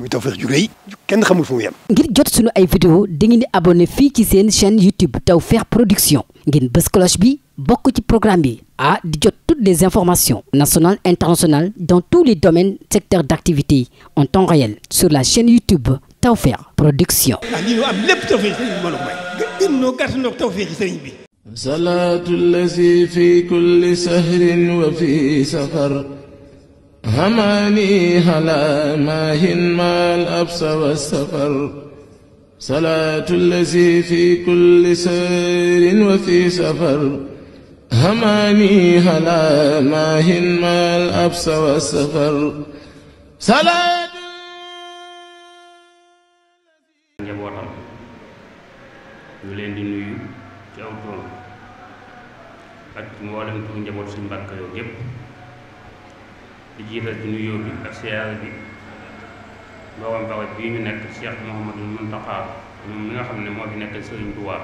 muy Tawfekh ju rëy kenn jot bi bokk ci programme bi ah di jot toutes les informations nationales internationales dans tous les domaines secteurs d'activité en temps réel sur la chaîne YouTube Tawfekh Production. ah lii ñu am lépp Tawfekh sëriñ bi mbooloo mooy. gën gën ñoo gàtt ñoo Tawfekh sëriñ bi. salaatu lazi fi kulli sahrin wa fi safar. هماني هلا ماهن ما الأبس والسفر صلاة الذي في كل سير وفي سفر هماني هلا ماهن ما الأبس والسفر صلاة njabootam ñu leen di nuyu ci aw toon ak mboolem pour njaboot suñu mbàkk yooyu yépp di jiital ci nuyoo bi ak siyaara bi mboolem barab bii ñu nekk Cheikh Mouhamadou Mountakha moom mi nga xam ne moo fi nekk sëriñ Touba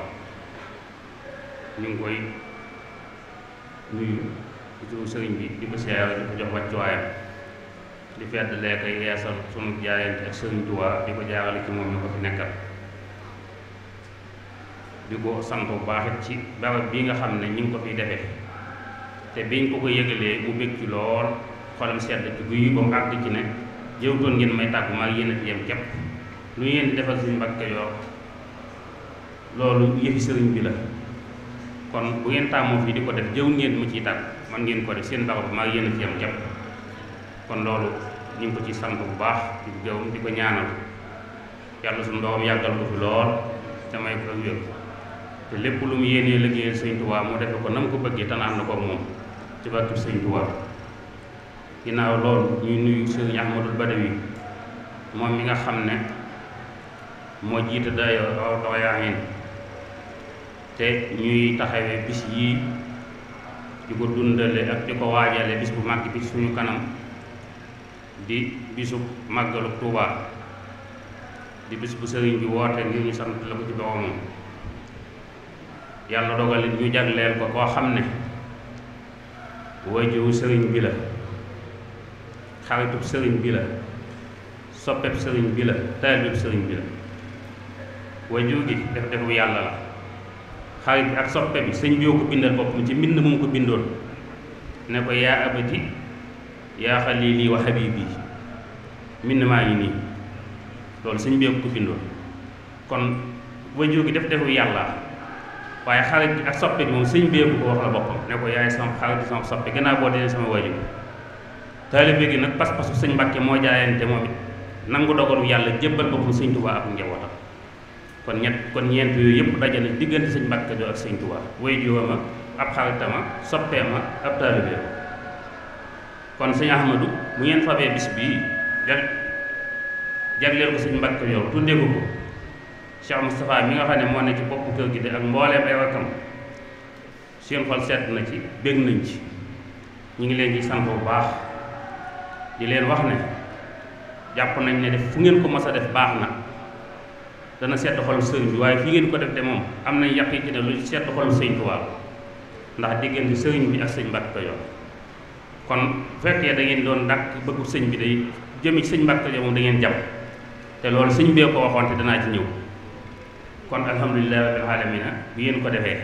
ñu ngi koy nuyu ci turu bi di ko siyaara di ko jox wàccuwaayam di fedd lee koy yeesal sunu jaayante ak Serigne Touba di ko jaarale ci moom mi ko fi nekkal di ko sant bu baax ci barab bii nga xam ne ñu ngi ko fi defee te biñ ko ko yëgalee mu bég ci lool. xolam sedd ci guy ba mu àgg ci ne jëwtoon ngeen may tàggu maa yéen a ci yem lu ngeen di defal suñu Mbàkke Kajoor loolu yëfi sëriñ bi la kon bu ngeen tàmmoo fii di ko def jëw ngeen ma ciy tàgg man ngeen ko def seen baaxu maa yéen a ci yem képp kon loolu ñu ngi ko ci sant bu baax di ko gërëm di ko ñaanal yàlla suñu doom yàggal ko fi lool te may ko wér te lépp lu mu yéenee liggéeyal sëñ Tuubaa mu defe ko nam ko bëggee te ànd ko moom ci barke sëñ Tuubaa ginnaaw loolu ñuy nuyu sëriñ Ahmadul Badawi moom mi nga xam ne moo jiite daayira Rawdu Rayaahiin te ñuy taxawee bis yii di ko dundale ak di ko waajale bis bu mag bi suñu kanam di bisu màggalu Tuubaa di bis bu sëriñ bi woote ngir ñu sant la ko ci boromam yàlla dogal ñu jagleel ko koo xam ne wajuru sëriñ bi la xaritub sëriñ bi la soppeb sëriñ bi la taalib sëriñ bi la wajur gi def yàlla la bi ak soppe bi sëñ bi ko bindal boppam ci mbind mu ko bindoon ne ko yaa abati yaa xalili wa habibi mbind maa ngi nii loolu sëñ bi ko kon wajur gi def defu yàlla waaye xarit bi ak soppe bi moom sëñ bi ko wax la boppam ne ko yaay sama xarit sama soppe gannaaw boo dee sama wajur taalibe gi nag pas-pasu sëñ Mbàkke moo jaayante moom it nangu dogalu yàlla jébbal boppam sëñ Tuubaa ak njabootam kon ñett kon ñeent yooyu yëpp dajale diggante sëñ Mbàkke Kajoor ak sëñ Tuubaa way juwama ab xaritama soppeema ab taalibe kon sëñ Ahmadou bu ngeen fabee bis bii jag jagleel ko sëñ Mbàkke Kajoor tuddee ko ko Cheikh Moustapha mi nga xam ne moo ne ci bopp kër gi de ak mbooleem ay wakkam seen xol seet na ci bég nañ ci ñu ngi leen ci sant bu di leen wax ne jàpp nañ ne def fu ngeen ko mës a def baax na dana sedd xol sëriñ bi waaye fi ngeen ko def de moom am nañ yàq ci ne lu sedd xol sëriñ Tuubaa ndax diggante sëriñ bi ak sëñ Mbàkke Kajoor kon bu fekkee da ngeen doon dàkk bëggu sëñ bi day jëmi sëñ Mbàkke Kajoor moom da ngeen jàpp te loolu sëñ bee ko waxoon te danaa ci ñëw kon alhamdulilah rabbil alamina bi ngeen ko defee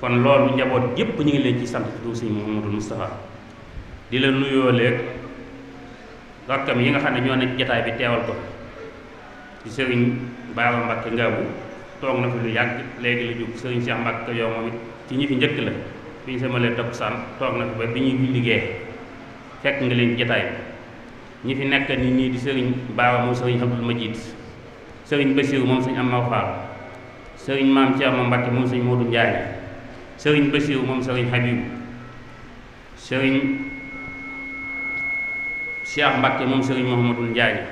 kon loolu njaboot yépp ñu ngi leen ci sant di sëñ Mouhamadou Moustapha di leen nuyoo léegi rakkam yi nga xam ne ñoo nekk jataay bi teewal ko ci sëriñ Baara Mbacke Ngaabu toog na fi lu yàgg léegi la jóg sëriñ Cheikh Mbacke yow moom it ci ñi fi njëkk la bi ñu samalee topp saan toog na fi ba bi ñuy liggéey fekk nga leen jataay bi ñi fi nekk ni nii di sëriñ Baara moom sëriñ Abdul Majid sëriñ Basiru moom sëñ Amar Fall sëriñ Maam Thierno Mbacke moom sëñ Modou Ndiaye sëriñ Basiru moom sëriñ Habib sëriñ Cheikh Mbacke moom sëriñ Mouhamadul Ndiaye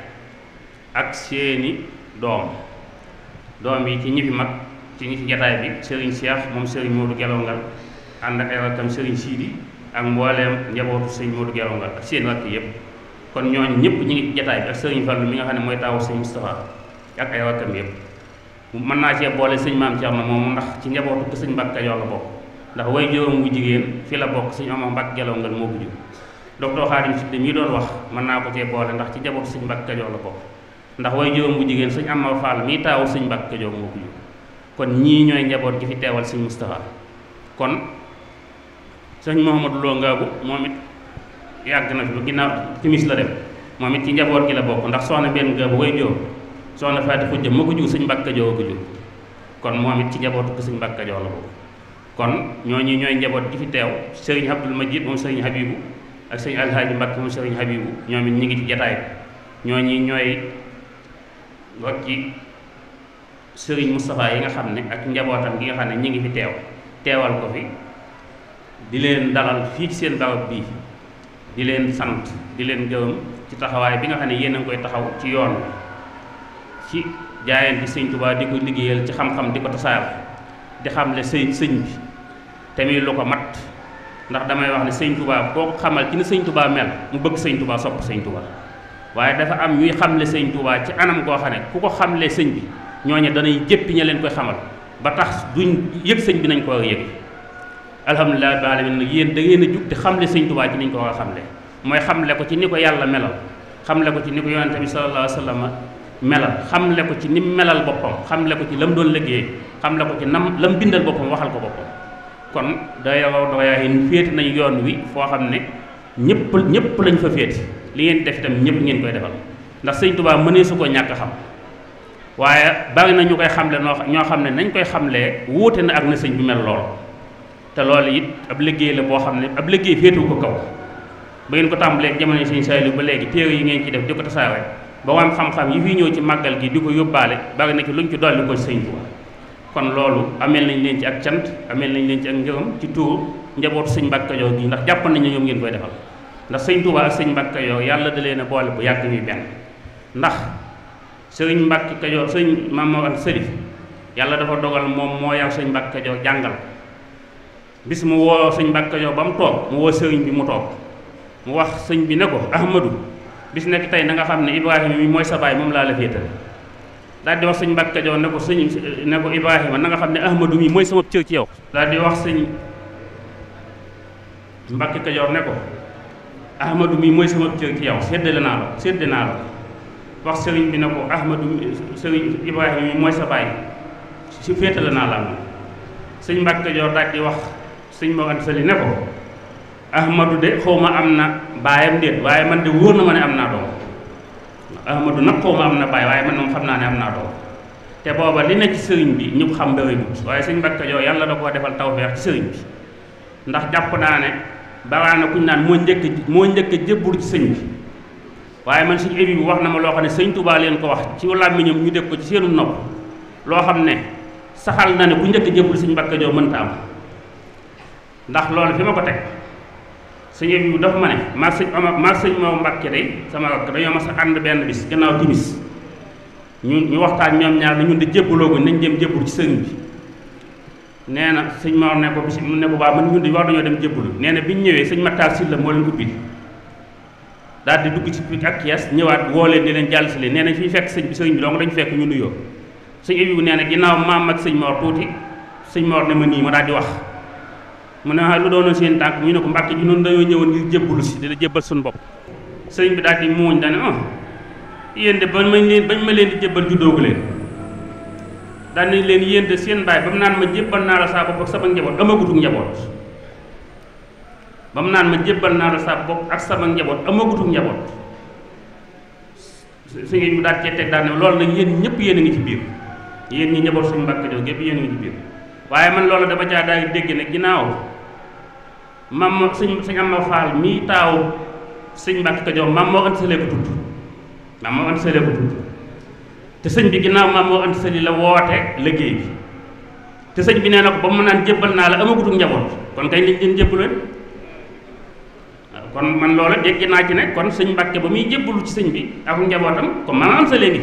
ak seeni doom doom yi ci ñibbi mag ci ñi fi jataay bi sëriñ Cheikh moom sëriñ Modou Gelongal ànd ak ay rakkam sëriñ Sidi ak mbooleem njabootu sëriñ Modou Gelongal ak seen rakk yëpp kon ñooñu ñëpp ñi ngi ci jataay bi ak sëriñ Fallou mi nga xam ne mooy taawu sëriñ Moustapha ak ay rakkam yëpp mën naa cee boole sëñ maam na moomu ndax ci njabootu ko sëñ Mbacke Kajoor la bokk ndax way juróom wu jigéen fi la bokk sëñ Omar Mbacke Gelongal moo ko docteur Xaadim Siddé mii doon wax mën naa ko cee boole ndax ci jaboot sëñ Mbàkke Kajoor la bokk ndax way juróom bu jigéen sëñ Amar Fall mii taawu sañ Mbàkke Kajoor moo kon ñii ñooy njaboot gi fi teewal sëñ Moustapha kon sëñ Mouhamadou Lo Ngaabu moom it yàgg na la dem moom it ci njaboot gi la bokk ndax soxna benn Ngaabu way joor soxna Faati ko jur sëñ Mbàkke Kajoor kon moom it ci njabootu ko sëñ Mbàkke Kajoor la bokk kon ñooy njaboot gi fi teew sëriñ Abdul Majid moom sëriñ Habibu ak sëñ alxaaji Mbàkke mu sëriñ Habibu ñoom ñu ngi ci jataay bi ñooñi ñooy rokki sëriñ Moustapha yi nga xam ne ak njabootam gi nga xam ne ñu ngi fi teew teewal ko fi di leen dalal fii ci seen barab bii di leen sant di leen gërëm ci taxawaay bi nga xam ne yéen a ngi koy taxaw ci yoon ci jaayante sëñ Tuubaa di ko liggéeyal ci xam-xam di ko tasaar di xamle sëñ sëñ bi tamit lu ko mat ndax damay wax ne sëñ tubaa koo xamal ci ni sëñ tubaa mel mu bëgg sëñ tubaa sopp sëñ tubaa waaye dafa am ñuy xamle sëñ tubaa ci anam koo xam ne ku ko xamlee sëñ bi ñoo ñooñu danay jéppi ña leen koy xamal ba tax duñ yëg sëñ bi nañ ko yëg alhamdulilah rabbil alamin nag yéen da ngeen jug di xamle sëñ tubaa ci niñ ko war a xamle mooy xamle ko ci ni ko yàlla melal xamle ko ci ni ko yonente bi sallallahu alayhi wa sallam melal xamle ko ci ni melal boppam xamle ko ci lam doon liggéey xamle ko ci nam lam bindal boppam waxal ko boppam kon doyawaw doyaa hin nañu yoon wi foo xam ne ñëpp ñëpp lañ fa féete li ngeen def itam ñëpp ngeen koy defal ndax sëñ Tuubaa mënee su ko ñàkk xam waaye bari na ñu koy xamle noo ñoo xam ne nañ koy xamle wuute na ak na sëñ bi mel lool te lool it ab liggéey la boo xam ne ab liggéey féetu ko kaw ba ngeen ko tàmbalee jamono sëñ Saliou ba léegi téere yi ngeen ci def di ko tasaare ba wam xam-xam yi fi ñëw ci màggal gi di ko yóbbaale bari na ci luñ ci dolli ko sëñ Tuubaa kon loolu ameel nañ leen ci ak cant ameel nañ leen ci ak ngërëm ci tuur njabootu sëñ Mbàkke Kajoor gi ndax jàpp nañ ne ñoom ngeen koy defal ndax sëñ Touba ak sëñ Mbàkke Kajoor yàlla da leen a boole bu yàgg ñuy benn ndax sëriñ Mbàkke Kajoor sëñ Mamoor Anta yàlla dafa dogal moom moo yar sëñ Mbàkke Kajoor jàngal bis mu woo sëñ Mbàkke Kajoor ba mu toog mu woo sëriñ bi mu toog mu wax sëñ bi ne ko Ahmadou bis nekk tey na nga xam ne Ibrahima mi mooy sa baay moom laa la féetale daal di wax sëñ Mbàkke Kajoor ne ko sëñ ne ko Ibrahima na nga xam ne Ahmadu mi mooy sama cër ci yow daal di wax sëñ Mbàkke Kajoor ne ko Ahmadu mi mooy sama cër yow séddale naa la séddale naa la wax sëriñ bi ne ko Ahmadu sëriñ Ibrahima mi mooy sa baay si féetale naa la am sëñ Mbàkke Kajoor daal di wax sëñ Mor Anta Sali ne ko Ahmadu de xaw ma am na baayam déet waaye man de wóor na ma ne am naa doom Ahmadu nag xaw am na bàyyi waaye man moom xam naa ne am naa doom te booba li ne ci sëriñ bi ñëpp xam daway mut waaye sëñ Mbàkke Kajoor yàlla da koo defal tawfeex ci sëriñ bi ndax jàpp naa ne baraana kuñ naan njëkk moo njëkk a ci sëñ bi waaye man suñu ébi bi wax na ma loo xam ne sëñ Tuubaa leen ko wax ci làmmiñam ñu dégg ko ci seenu nopp loo xam ne saxal na ne ku njëkk a jébbalu sëñ Mbàkke Kajoor mënta am ndax loolu fi ma ko teg sëñ Abibu dafa ma ne maag sëñ Omar maag sëñ Maodo Mbàkke day sama rakk dañoo mas a ànd benn bis gannaaw timis ñu ñu waxtaan ñoom ñaar ne ñun de jébbaloo ko nañ dem ci sëriñ bi nee na sëñ Maodo ne ko bis mu ne ko waaw man ñun de war dañoo dem jébbalu nee na bi ñu ñëwee sëñ Matar Sylla moo leen ubbi daal di dugg ci pic ak kias ñëwaat woo leen di leen jàll si leen nee na fi fekk sëñ bi sëñ bi donc dañu fekk ñu nuyoo sëñ Abibu nee na ginnaaw maam ak sëñ Maodo tuuti sëñ Maodo ne ma nii ma daal di wax mu ne ah lu doon seen tànk ñu ne ko mbàkke ji noonu dañoo ñëwoon ngir jébbalu si di la jébbal suñu bopp sëriñ bi daal di muuñ dane ah oh, ma leen bañ ma leen di jébbal juddoogu leen leen yéen de seen baay ma jébbal naa la saa bopp ak sama njaboot amagutug njaboot naan ma jébbal naa la saa bopp ak sama njaboot amagutug njaboot su ngi mu daal cee teg daal loolu nag yéen ñëpp yéen ngi ci biir yéen ñi njaboot suñu mbàkk jow gépp ngi ci waaye man loolu dama caa daal dégg ne ginnaaw mam moo sëñ sëñ am faal mii taaw sëñ Mbàkke Kajoor mam moo ant sali ko tudd mam moo ant sali ko tudd te sëñ bi ginnaaw mam moo ant sali la woote bi te sëñ bi nee na ko ba mu naan jébbal naa la amagutu kon kay liñ leen kon man loola dégg naa ci ne kon sëñ Mbàkke ba muy jébbalu ci sëñ bi ak njabootam comme mam am sali ngi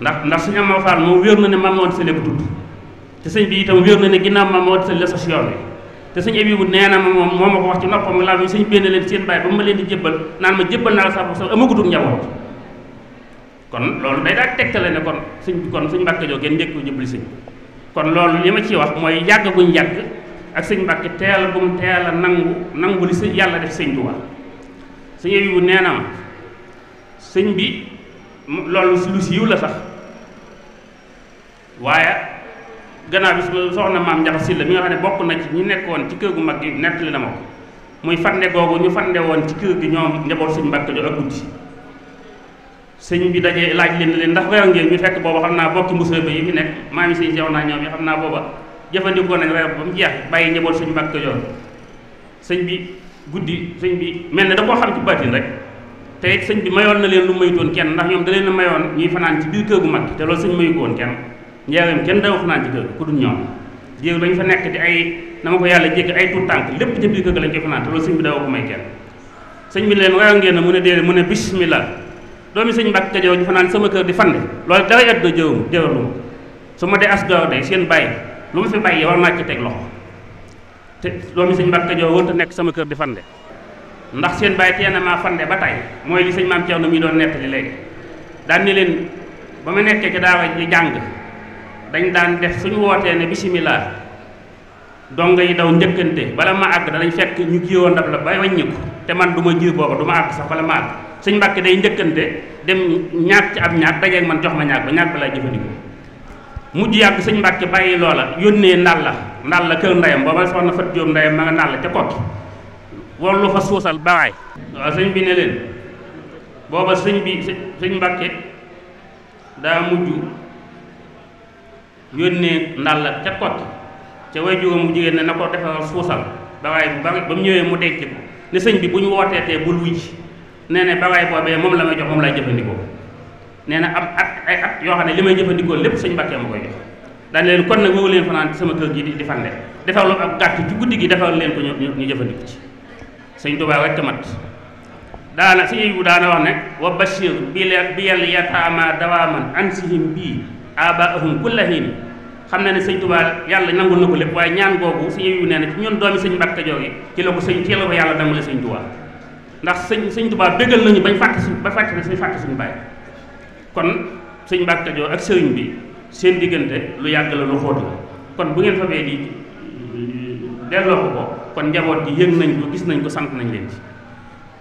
ndax ndax sëñ am faal moom wér na ne mam moo ant sali ko tudd te sëñ bi itam wér na ne ginnaaw mam moo ant sali la sos yoon wi te sëñ Abibu nee na ma moom moo ma ko wax ci noppam mu laa leen seen bàyyi ba ma leen di jébbal naan ma jébbal naa la sax sa amagutul njaboot kon loolu day ne kon suñ kon suñ mbàkke joo ngeen njëkk jëbbali sëñ kon loolu li ma ciy wax mooy yàgg guñ ak sëñ mbàkke teel bu mu teel a nangu nangu yàlla def sëñ Tuubaa nee na ma bi loolu lu siiw la sax waaye gannaaw bi soxna maam njax si la mi nga xam ne bokk na ci ñu nekkoon ci kër gu mag gi nettali na ma ko muy fande googu ñu fande woon ci kër gi ñoom njaboot suñu mbàkk jo ak guddi sëñ bi dajee laaj leen leen ndax weer ngeen fekk booba xam naa bokki musóobe yi fi nekk maa mi sëñ sew naa ñoom yi xam naa booba jëfandikoo nañ weer ba mu jeex bàyyi suñu mbàkk jo sëñ bi guddi sëñ bi mel ne da koo xam ci rek te sëñ bi mayoon na leen lu maytoon kenn ndax ñoom da leen mayoon ñuy fanaan ci biir kër gu mag te loolu sëñ mayu woon kenn njaareem kenn daaw fanaan ci kër ku dul ñoom jéego lañ fa nekk di ay na ma ko yàlla jéggi ay tuut tànk lépp ci biir kër ga lañ koy fanaan te loolu sëñ bi daaw ko may kenn sëñ bi leen waaw ngeen mu ne déedéet mu ne bismillah doomi sëñ Mbàkke Kajoor ñu fanaan sama kër di fande loolu dara yàgg da jëwum jëwaluma su ma dee as door day seen bàyyi lu ma fi bàyyi war naa ci teg loxo te doomi sëñ Mbàkke Kajoor wërta nekk sama kër di fande ndax seen bàyyi tee na maa fande ba tey li sëñ maam Ceerno mi doon nettali léegi daan ne ba ma nekkee ca daara di jàng dañ daan def suñu wootee ne bisimilah dongo yi daw njëkkante bala ma àgg danañ fekk ñu jiwoon ndab la ba wàññi ko te man du ma jiw booba du ma àgg sax bala ma àgg day njëkkante dem ñaat ci man jox ma ñaat ba ñaat ba laa jëfandikoo mujj suñ mbàkk ba ma soxna fat jóom la ca kokki wallu fa suusal mbàkke daa mujj yónnee ndàll ca kott ca way juróom bu jigéen ne na ko defal suusal baraay bu bari ba mu ñëwee mu denc ne sëñ bi bu ñu wooteetee bul wuj nee na baraay boobee moom la may jox moom lay jëfandikoo nee na am at ay at yoo xam ne li may jëfandikoo lépp sëñ Mbàkke ma koy jox daan leen kon nag wóowu leen fanaan sama kër gi di fande defal lu ak gàtt ci guddi gi defal leen ko ñu ñu jëfandiku ci sëñ Tuubaa rekk mat daana sëñ bu daana wax ne wa bashir bi leen bi yàlla yataamaa dawaaman ansihim bii abaahum kulla hiin xam na ne sëñ tubaa yàlla nangul na ko lépp waaye ñaan googu suñu yu nee na ci ñun doomi sëñ Mbàkke jooge ci la ko sëñ ci la ko yàlla nangule sëñ Tuubaa ndax sëñ sëñ Tuubaa bégal nañu bañ fàtte su ba fàtte suñ fàtte suñu bàyyi kon sëñ Mbàkke jooge ak sëriñ bi seen diggante lu yàgg la lu xóot la kon bu ngeen fa bee di delloo ko kon njaboot gi yëg nañ ko gis nañ ko sant nañ leen ci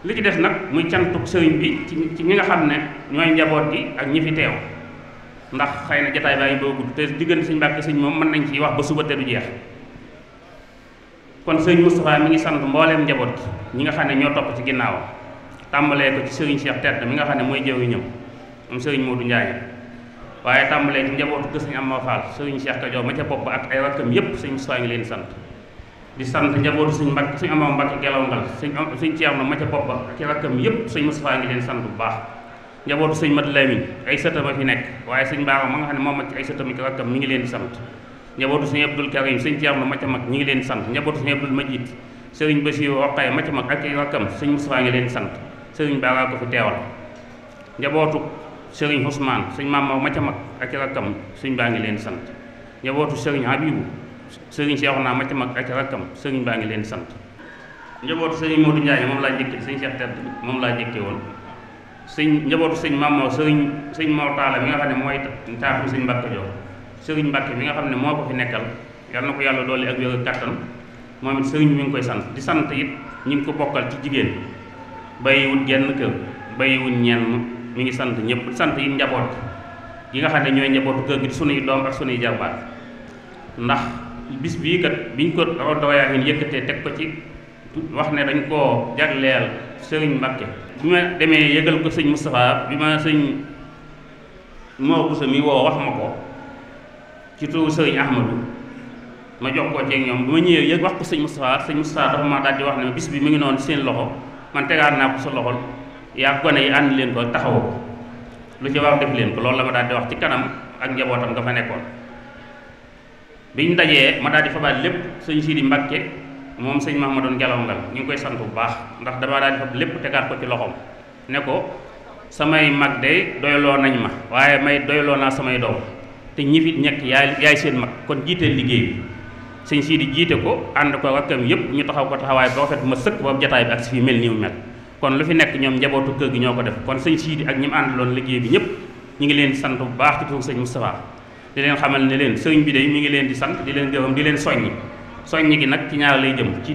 li ci des nag muy cantuk sëriñ bi ci ci ñi nga xam ne ñooy njaboot gi ak ñi fi teew ndax xëy na jataay baa ngi bëgg a gudd te diggante sëñ Mbàkke sëñ moom mën nañ ci wax ba suba te du jeex kon sëñ Moustapha mi ngi sant mbooleem njaboot ñi nga xam ne ñoo topp ci ginnaawam tàmbalee ko ci sëriñ Cheikh Tedd mi nga xam ne mooy jëw yu ñëw moom sëriñ Modou Ndiaye waaye tàmbalee ci njabootu gë sëñ Amma Fall sëriñ Cheikh Kajoor ma ca bopp ak ay rakkam yépp sëñ Moustapha ngi leen sant di sant njabootu suñ Mbàkke suñ Amma Mbàkke Gelaw Ngal suñ suñ Ceerno ma ca bopp ak rakkam yépp sëñ Moustapha ngi leen sant bu baax njabootu sëñ Mat Lamin ay sëtam a fi nekk waaye sëñ Baara ma nga xam ne moom ak ay sëtam ak rakkam mi ngi leen di sant njabootu sëñ Abdul Karim sëñ Ceerno ma ca mag ñi ngi leen di sant njabootu sëñ Abdul Majid sëriñ Basiru Roqaay ma ca mag ak ay rakkam sëñ Mustafaa ngi leen sant sëriñ Baara ko fi teewal sëriñ Ousmane sëñ Maamor ma ca mag ak rakkam sëñ baa ngi leen di sant njabootu sëriñ Habibu sëriñ Seexuna ma ca mag ak rakkam sëriñ baa ngi leen sant njabootu sëriñ Modou Ndiaye moom laa jëkkee sëñ Cheikh Tedd moom laa jëkkee woon sëñ njabootu sëñ Mamoor sëriñ sëñ Mor Talla mi nga xam ne mooy taatu sëñ Mbàkke Joor sëriñ Mbàkke mi nga xam ne moo ko fi nekkal yal na ko yàlla doole ak wér ak moom it sëriñ mi ngi koy sant di sant it ñi ngi ko bokkal ci jigéen bàyyiwul genn kër bàyyiwul ñenn mi ngi sant ñëpp sant it njaboot yi nga xam ne ñooy njabootu kër gi di suñuy doom ak sunuy jarbaat ndax bis bii kat biñ ko dawaa yi yëkkatee teg ko ci wax ne dañ koo jagleel sëriñ Mbàkke bi ma demee yëgal ko sëñ Moustapha bi ma sëñ Mor Bousso mi woo wax ma ko ci turu sëriñ Ahmadu ma jox ko ceeg ñoom bi ma ñëwee yëg wax ko sëñ Moustapha sëñ Moustapha dafa ma daal di wax ne bis bi mi ngi noonu seen loxo man tegaat naa ko sa loxol yaa gone yi ànd leen ko taxawoo ko lu ci wax def leen ko loolu la ma daal di wax ci kanam ak njabootam nga fa nekkoon biñ dajee ma daal fabaat lépp sëñ Sidi Mbàkke moom sëñ Mahamadoon Jalaw Ngal ñu ngi koy sant bu baax ndax damaa daal di fab lépp tegaat ko ci loxoom ne ko samay mag de doyloo nañ ma waaye may doyloo naa samay doom te ñi fi nekk yaay yaay seen mag kon jiiteel liggéey bi sëñ sii di jiite ko ànd ko rakkam yëpp ñu taxaw ko taxawaay ba rafet ma sëkk ba jataay bi ak si fi mel nii mu mel kon lu fi nekk ñoom njabootu kër gi ñoo ko def kon sëñ sii di ak ñi mu àndaloon liggéey bi ñëpp ñu ngi leen sant bu baax ci tur sëñ Moustapha di leen xamal ne leen sëñ bi de mi ngi leen di sant di leen gërëm di leen soññi soññ gi nag ci ñaar lay jëm ci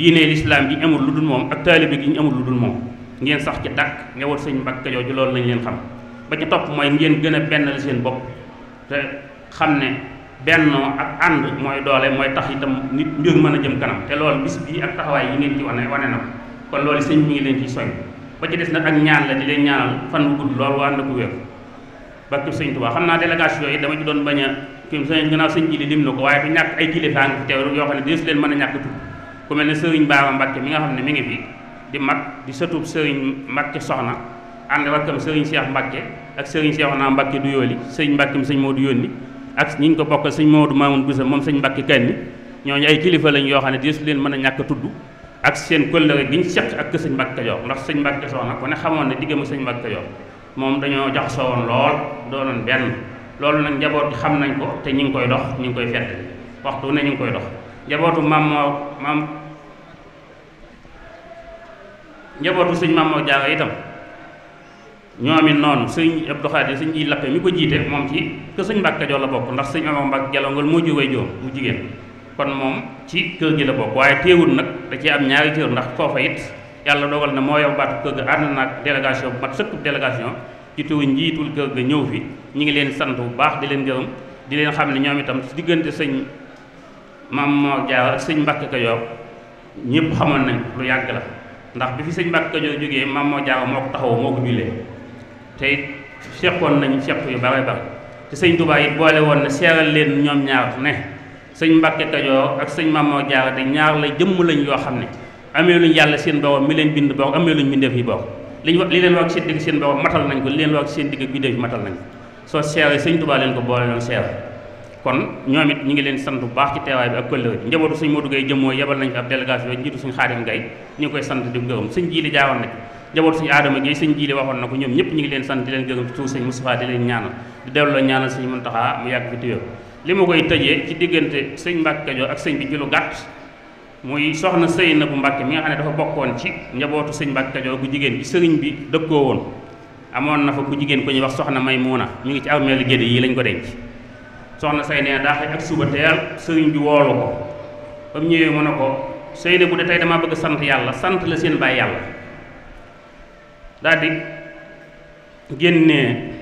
diine lislaam ji amul lu dul moom ak taalibe gi ñu amul lu dul moom ngeen sax ci dàkk nga war sëñ Mbàkke Kajoor ji loolu lañ leen xam ba ci topp mooy ngeen gën a bennal seen bopp te xam ne bennoo ak ànd mooy doole mooy tax itam nit mbir mën a jëm kanam te lool bis bii ak taxawaay yi ngeen ci wane wane na ko kon loolu sëñ mi ngi leen ciy soñ ba ci des nag ak ñaan la di leen ñaanal fan wu gudd loolu waa na ko wér bakki sëñ Tuubaa xam naa délégation yi doon bañ kim sëñ gannaaw sëñ ji li lim na ko waaye du ñàkk ay kilifa ngi fi teew yoo xam ne deesu leen mën a ñàkk tudd ku mel ne sëriñ Baaba Mbàkke mi nga xam ne mi ngi fi di mag di sëtub sëriñ Mbàkke soxna ànd rakkam sëriñ Cheikh Mbàkke ak sëriñ Cheikhouna Mbàkke du yooli sëriñ Mbàkke mi sëñ Moodu yónni ak ñi ñu ko bokkal sëñ Moodu Maamun Busa moom sëñ Mbàkke Kanni ñooñu ay kilifa lañ yoo xam ne di deesu leen mën a ñàkk tudd ak seen kóllëre gi ñu seq ak sëñ Mbàkke Kajoor ndax sëñ Mbàkke soxna ku ne xamoon ne diggam sëñ Mbàkke Kajoor moom dañoo jaxasoo woon lool doonoon benn loolu nag njaboot xam nañ ko te ñu ngi koy dox ñu ngi koy fett waxtu ne ñu ngi koy dox njabootu maam mam njabootu suñ maam moo jaaga itam ñoom it noonu suñ Abdou Khadir suñ ji lappe mi ko jiite moom ci que suñ la bokk ndax suñ amoo Mbàkke Jalongal moo jógee joom bu jigéen kon moom ci kër gi la bokk waaye téewul nag da ci am ñaari téewul ndax koo fa it yàlla dogal na moo yow baatu kër ga ànd naag délégation bu mat sëkkub délégation ci tuw njiitul kër ñëw fi ñu ngi leen sant bu baax di leen gërëm di leen xam ne ñoom itam diggante sëñ Maam Mor Jaara ak sëñ Mbàkke Kajoor ñëpp xamoon nañ lu yàgg la ndax bi fi sëñ Mbàkke Kajoor jógee Maam Mor Jaara moo ko taxaw moo ko te it seqoon nañ seq yu bare te sëñ Tuubaa it boole woon na seeral leen ñoom ñaar ne sëñ Mbàkke Kajoor ak sëñ Maam Mor Jaara te ñaar la jëmm lañ yoo xam ne amee luñ yàlla seen borom mi leen bind borom amee luñ bindeef yi borom li ñu li leen wax seen digg seen borom matal nañ ko li leen wax seen digg bindeef yi matal nañ soo seewee sëñ Tuubaa leen ko boole loon seew kon ñoom it ñu ngi leen sant bu baax ci teewaay bi ak këllëw bi njabootu suñ Modou Gueye jëmmoo yebal nañ fi ab délégation ba njiitu suñ Xaadim Gueye ñu ngi koy sant di gërëm suñ jiili jaawoon na njabootu suñu Adama Gueye suñ jiili waxoon na ko ñoom ñëpp ñu ngi leen sant di leen gërëm ci tuur sëñ Moustapha di leen ñaanal di delloo ñaanal suñ Muntaxa mu yàgg fi téwér li ma koy tëjee ci diggante sëñ Mbàkke Kajoor ak sëñ bi ci lu gàtt muy soxna sëy na bu Mbàkke mi nga xam ne dafa bokkoon ci njabootu sëñ Mbàkke Kajoor gu jigéen bi sëriñ bi dëkkoo woon amoon na fa ku jigéen ku ñuy wax soxna may Maymuna mi ngi ci armeelu Gédé yi lañ ko denc soxna say nee daa xëy ak suba teel sëriñ bi woolu ko ba mu ñëwee mu ne ko sëy bu de tey damaa bëgg sant yàlla sant la seen bàyyi yàlla daal di génnee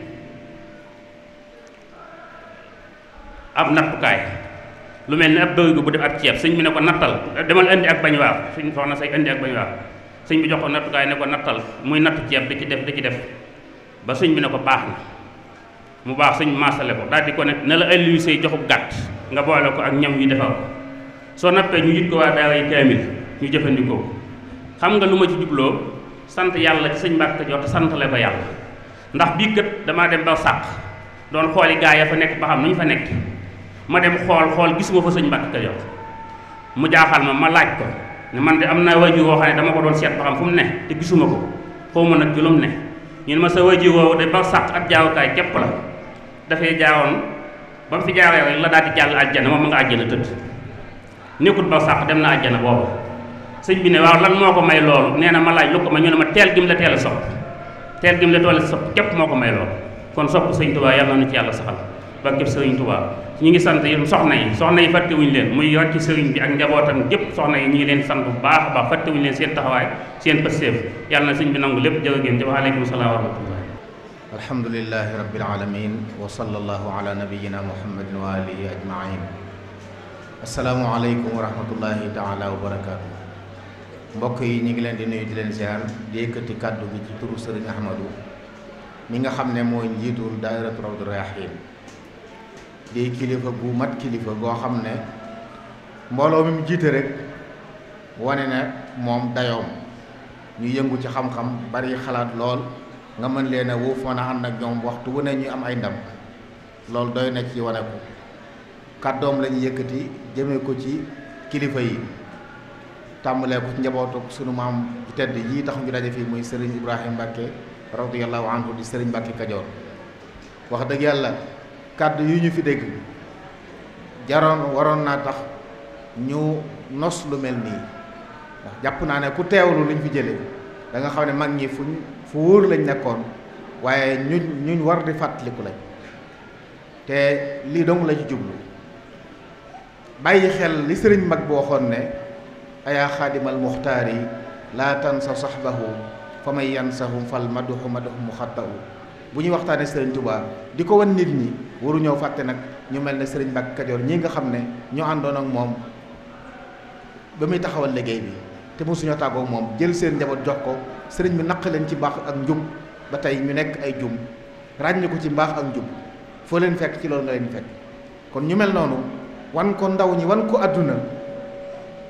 ab nattukaay lu mel ne ab bërigo bu def ab ceeb sëñ bi ne ko nattal demal indi ak bañ waaw suñ soxna say indi ak sëñ bi jox ko nattukaay ne ko nattal muy natt ceeb di ci def di ci def ba sëñ bi ne ko baax na mu baax sëñ maasale ko daal di ko ne na la Aliou Sey joxub gàtt nga boole ko ak ñam ñu defar ko soo nappee ñu yit ko waa daaway kaamil ñu jëfandikoo xam nga lu ma ci jubloo sant yàlla ci sëñ Mbàkke Kajoor te sant la ko yàlla ndax bii kët damaa dem ba sàq doon xooli gaa ya fa nekk ba xam nu ñu fa nekk ma dem xool xool gisuma fa sëñ Mbàkke Kajoor mu jaaxal ma ma laaj ko ne man de am naa waajur woo xam ne dama ko doon seet ba fu mu ne te gisuma ko xaw ma nag ne ñun ma sa waji woowu de ba sàq ab jaawukaay képp la dafay jaawoon ba mu fi jaawee rek la daal di jàll àjjana moom ma nga àjjana tëdd nekkul ba dem naa àjjana boobu sëñ bi ne waaw lan moo ko may loolu nee na ma laaj lu ma ñu ne ma teel gim la teel a sopp teel gim la teel sopp képp moo ko may loolu kon sopp sëñ Tuubaa yàlla na ci yàlla saxal barkeb sëriñ Touba ñu ngi sant yéen soxna yi soxna yi fàttewuñu leen muy rakki sëriñ bi ak njabootam gépp soxna yi ñu ngi leen sant bu baax a baax fàttewuñu leen seen taxawaay seen pësteef yàlla na sëñ bi nangu lépp jërë ngeen jëf aleykum salaam wa rahmatullah alhamdulilahi rabbil alamin wa sallallahu ala nabiyina muhammadin wa alihi ajmain asalaamu aleykum wa rahmatullahi taala wa barakatuh mbokk yi ñu ngi leen di nuyu di leen ziar di yëkkati kàddu gi ci turu sëriñ Ahmadou mi nga xam ne mooy njiitul daayiratu Rawdu Rayaahiin di kilifa gu mat kilifa goo xam ne mbooloo mi mu jiite rek wane ne moom dayoom ñu yëngu ci xam-xam bari xalaat lool nga mën leen a wuuf mën a ànd ak ñoom waxtu wu ne ñuy am ay ndam loolu doy na ci wane ko kàddoom la ñu yëkkati jëmee ko ci kilifa yi tàmbalee ko njabootu sunu maam ju tedd yii tax ñu daje fii muy Serigne Ibrahima Mbacke radiyallahu anhu di Serigne Mbacke Kajoor wax dëgg yàlla. kàddu yu ñu fi dégg jaroon waroon naa tax ñu nos lu mel nii jàpp naa ne ku teewlu luñ fi jëlee danga xam ne mag ñi fuñ fu wóor lañ nekkoon waaye ñu ñuñ war di fàttaliku lañ te lii dong la ci jublu bàyyi xel li sëriñ mag boo waxoon ne ayaa xaadimal muxtaar yi laa tansa saxbahu fa may yansahum fal maduhu maduhu muxatta u bu ñuy waxtaanee Serigne Touba di ko wan nit ñi waru ñoo fàtte nag ñu mel ne sëriñ Mbacke Kajoor ñii nga xam ne ñoo àndoon ak moom ba muy taxawal liggéey bi te mosuñoo tàggoo moom jël seen njaboot jox ko sëriñ bi naq leen ci baax ak njub ba tey ñu nekk ay jum ràññi ko ci mbaax ak njub foo leen fekk ci loolu nga leen fekk kon ñu mel noonu wan ko ndaw ñi wan ko àdduna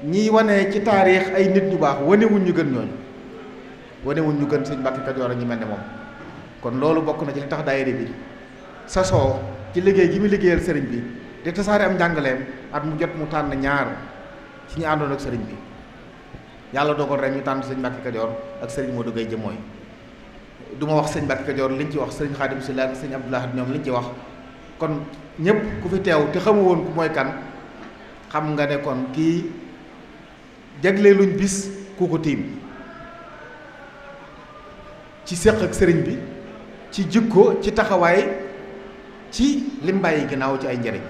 ñi wane ci taarix ay nit ñu baax wane ñu gën ñooñu wane ñu gën Serigne Mbacke Kajoor ñu mel ne moom. kon loolu bokk na ci li tax daayira bi sa soo ci liggéey gi mu liggéeyal sëriñ bi di tasaare am njàngaleem at mu jot mu tànn ñaar ci ñu àndoon ak sëriñ bi yàlla dogal rek ñu tànn sëñ Mbàkke Kajoor ak sëriñ Modou Gueye Jëmooy du ma wax sëñ Mbàkke Kajoor liñ ci wax sëriñ Xaadim Sylla ak sëñ Abdoulaye ñoom liñ ci wax kon ñëpp ku fi teew te xamu woon ku mooy kan xam nga ne kon kii jaglee luñ bis ku ko tiim ci séq sëriñ bi ci jikko ci taxawaay ci lim bàyyi ginnaaw ci ay njariñ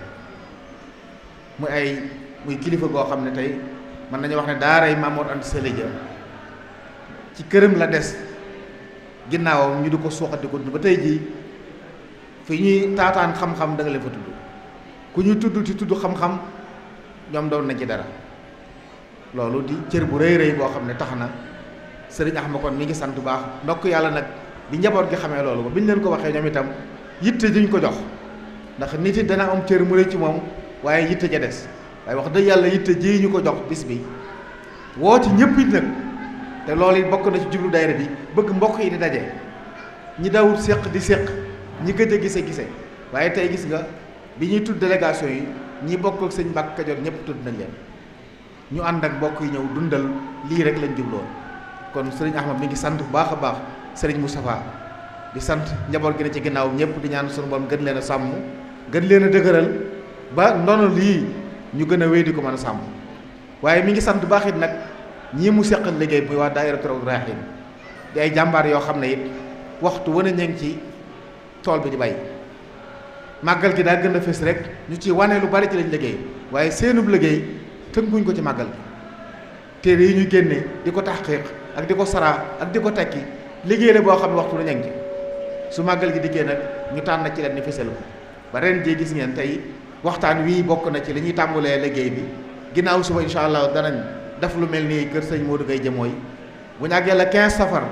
muy ay muy kilifa goo xam ne tey mën nañu wax ne daaray Mamour Anta Sali ja ci këram la des ginnaawam ñu di ko suuxat di ko ba tey jii fi ñuy taataan xam-xam da leen fa tudd ku ñu tudd ci tudd xam-xam ñoom doon na ci dara loolu di cër bu rëy rëy boo xam ne tax na sëriñ Axma kon mi ngi sant baax ndokk yàlla nag. bi njaboot gi xamee loolu ba bi ñu leen ko waxee ñoom itam yitte duñ ko jox ndax nit it dana am cër mu rëy ci moom waaye yitte ja des waaye wax dëgg yàlla yitte ji ñu ko jox bis bi woo ci ñëpp it te loolu it bokk na ci jublu daayira bi bëgg mbokk yi di daje ñi dawut séq di séq ñi gëj a gise gise waaye tey gis nga bi ñuy tudd délégation yi ñii bokk ak sëñ Mbàkke Kajoor ñëpp tudd nañ leen ñu ànd ak mbokk yi ñëw dundal lii rek lañ jubloo kon sëriñ Ahmad mi ngi sant bu baax a baax bu Moustapha di sant njaboot gi ne ci ginnaawam ñëpp di ñaan sunu borom gën leen a sàmm gën leen a dëgëral ba ndono lii ñu gën a wéy di ko mën a sàmm waaye mi ngi sant baax it nag ñii mu seqal liggéey bi waa daayira Rawdu Rayaahiin di ay jàmbaar yoo xam ne it waxtu wane ña ngi ci tool bi di bay màggal gi daa gën a fës rek ñu ci wane lu bari ci lañ liggéey waaye seenub liggéey tënkuñ ko ci màggal gi téere yi ñu génne di ko taxqiq ak di ak di ko tekki liggéey la boo xam ne waxtu la ñangi su màggal gi dikkee nag ñu tànn ci leen ni fësal ko ba ren jii gis ngeen tey waxtaan wii bokk na ci li ñuy tàmbalee liggéey bi ginnaaw suba incha allah danañ def lu mel ni kër sëñ Modou jëm mooy bu ñu àggee la 15 safar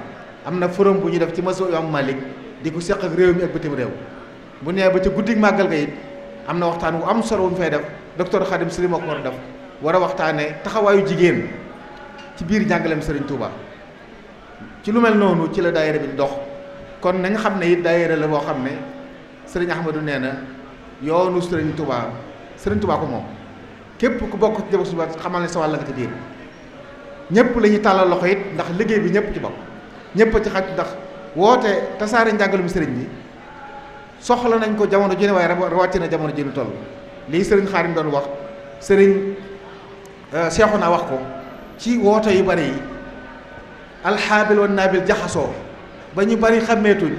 am na forum bu ñu def ci maso am Malick di ko seq ak réew mi ak bitim réew bu nee ba ca guddi màggal ga it am na waxtaan wu am solo wu ñu fay def docteur Khadim Sëri moo ko war a waxtaanee taxawaayu jigéen ci biir jàngaleem Serigne Touba. ci lu mel noonu ci la daayira bi dox kon nañ xam ne it daayira la boo xam ne sëriñ Ahmadou nee na yoonu sëriñ Touba sëriñ Touba ko moom képp ku bokk ci jaboot Touba xamal ne sa wàll nga ñëpp la tàllal loxo it ndax liggéey bi ñëpp ci bokk ñëpp ci xaj ndax woote tasaare njàngalum sëriñ bi soxla nañ ko jamono ji ne waaye rawatina jamono ji toll lii sëriñ Xaarim doon wax sëriñ euh, naa wax ko ci woote yu bari yi. alxaabil wan naabil jaxasoo ba ñu bari xàmmeetuñ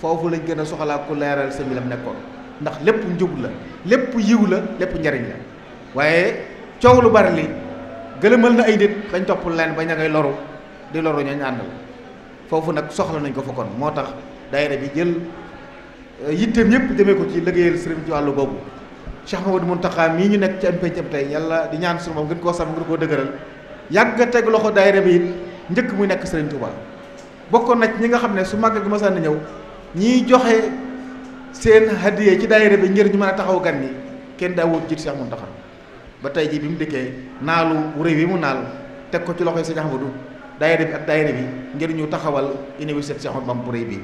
foofu lañ gën a soxlaa ku leeral sa mbiram nekkoon ndax lépp njub la lépp yiw la lépp njariñ la waaye coow lu bari li gëlëmal na ay nit bañ topp leen ba ña ngay loru di loru ñooñu àndal foofu nag soxla nañ ko fa kon moo tax daayira bi jël euh, yitteem yépp demee ko ci liggéeyal sëriñ ci wàllu boobu Cheikh Mamadou Mountakha mii ñu nekk ci am péncam tey yàlla di ñaan sunu moom gën koo sàmm gën koo dëgëral yàgg teg loxo daayira bi njëkk muy nekk Serigne Touba bokkoon na ñi nga xam ne su màggal gi ma na ñëw ñiy joxe seen hadiyee ci daayira bi ngir ñu mën a taxaw gan yi kenn daa wut jiit Cheikh Mountakha ba tey jii bi mu dikkee naalu réew wi mu naal teg ko ci loxo Serigne Ahmadou daayira bi ak bi ngir ñu taxawal université Cheikh Ahmadou Bamba bu réy bii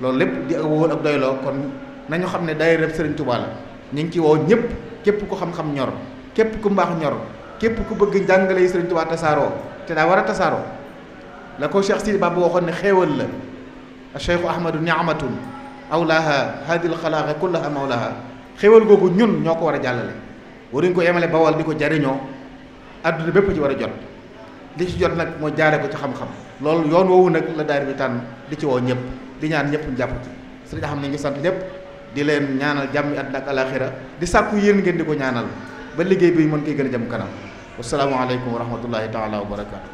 loolu lépp di ak wóor ak doyloo kon nañu xam ne daayira Serigne Touba la ñu ngi ci woo ñëpp képp ku xam-xam ñor képp ku mbaax ñor képp ku bëgg jàngale yi Serigne Touba tasaaroo te daa war a tasaaroo la ko Cheikh Sidi Baba waxoon ne xéewal la a Cheikhu Ahmadu niamatun awlaha hadil xalaaqa kullaha mawlaha xéewal googu ñun ñoo ko war a jàllale waruñ ko yemale bawal di ko jariñoo àdduna bépp ci war a jot li ci jot nag mooy jaare ko ci xam-xam loolu yoon woowu nag la daayira bi tànn di ci woo ñëpp di ñaan ñëpp ñu jàpp ci sëriñ xam ne ngi sant lépp di leen ñaanal jàmmi àdduna ak alaxira di sàkku yéen ngeen di ko ñaanal ba liggéey bii mën koy gën a jëm kanam wasalaamualeykum wa rahmatullahi taala wa barakaatu